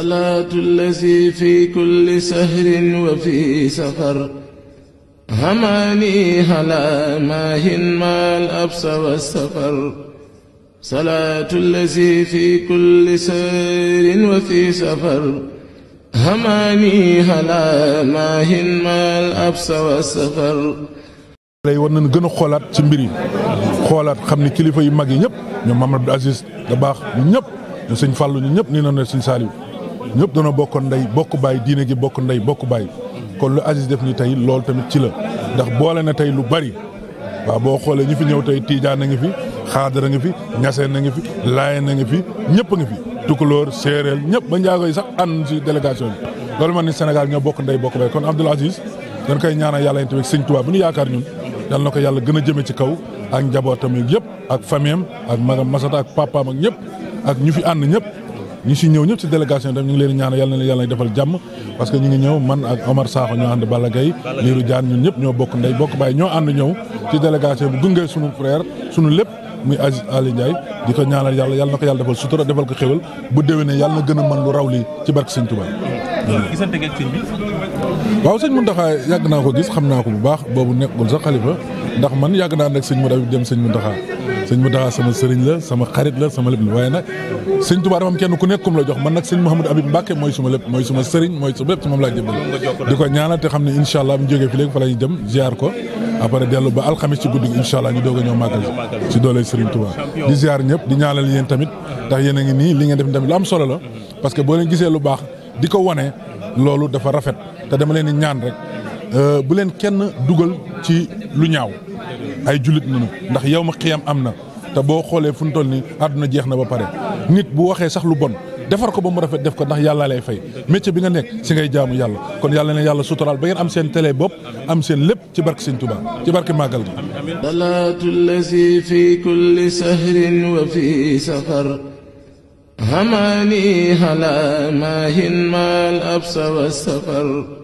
صلاة الذي في كل سهر وفي سفر هماني هلا ماهن ما الأبس والسفر صلاة الذي في كل سهر وفي سفر هماني هلا ماهن ما الأبس والسفر lay war nañ gën a ci mbir yi xoolaat kilifa yu mag yi ñëpp ñoom Aziz da baax ñu ñu sëñ Fallou ñu ni na ne sëñ ñëpp dana bokk ndey bokk baay diine gi bokk ndey bokk baay kon lu Aziz def ni tey loolu tamit ci la ndax boole na tey lu bari waaw boo xoolee ñu fi ñëw tey tiijaan a ngi fi xaadara ngi fi ñaseen na ngi fi laayeen na ngi fi ñëpp a ngi fi tukulóor séeréer ñëpp ba njaago yi sax ànd si délégation bi loolu man ni Sénégal ñoo bokk ndey bokk baay kon Abdoul Aziz dañ koy ñaanal yàlla yéen tamit sëñ Tuubaa bu ñu yaakaar ñun yal na ko yàlla gën a jëme ci kaw ak njabootam yëpp ak famiyam ak magam masata ak papaam ñëpp ak ñu fi ànd ñëpp ñi si ñëw ñëpp si délégation dem tam ñu ngi leen ñaan yàlla na yàlla defal jàmm parce que ñu ngi ñëw man ak Omar Sakho ñoo ànd Balla Gaye Lirou Diane ñun ñëpp ñoo bokk ndey bokk baay ñoo ànd ñëw ci délégation bu gungee sunu frère sunu lépp muy Aziz Ali Ndiaye di ko ñaanal yàlla yàlla na ko yàlla defal sutura defal ko xéwal bu ne yàlla na gën a man lu raw lii ci barke Sëñ Tuubaa gisante ngeen sëñ bi waaw sëñ Mountakha yàgg naa ko gis xam naa ko bu baax boobu nekkul sax xalifa ndax man yàgg naa nekk sëñ mu dem sëñ Mountakha sëñ Mountakha sama sëriñ la sama xarit la sama lépp la waaye nag sëñ Touba dafa am kenn ku nekkum la jox man nag sëñ Mouhamadou Habib Mbacké mooy suma lépp mooy suma sëriñ mooy suma lépp ci moom laa jëbal di ko ñaanal te xam ne incha allah bu ñu jógee fa la ñu jëm ko après dellu ba alxamis ci guddi gi incha allah ñu doog a ñëw màggal si doole sëriñ Touba di ziar ñëpp di ñaanal yéen tamit ndax yéen a ngi nii li ngeen def tamit lu am solo la parce que boo leen gisee lu baax loolu dafa rafet te dama leen di ñaan rek Euh, bu kena kenn dugal ci lu ñaaw ay julit nanu ndax yow ma xiyam te ba nit bu waxee sax lu bon defar ko ba mu rafet def ko ndax yàlla lay fay métier bi nga nekk si ngay jaamu yàlla kon yàlla ne yàlla suturaal ba ngeen am télé am ci barke ci barke gi lazi fi kulli wa fi safar hamani hala mal absa wa safar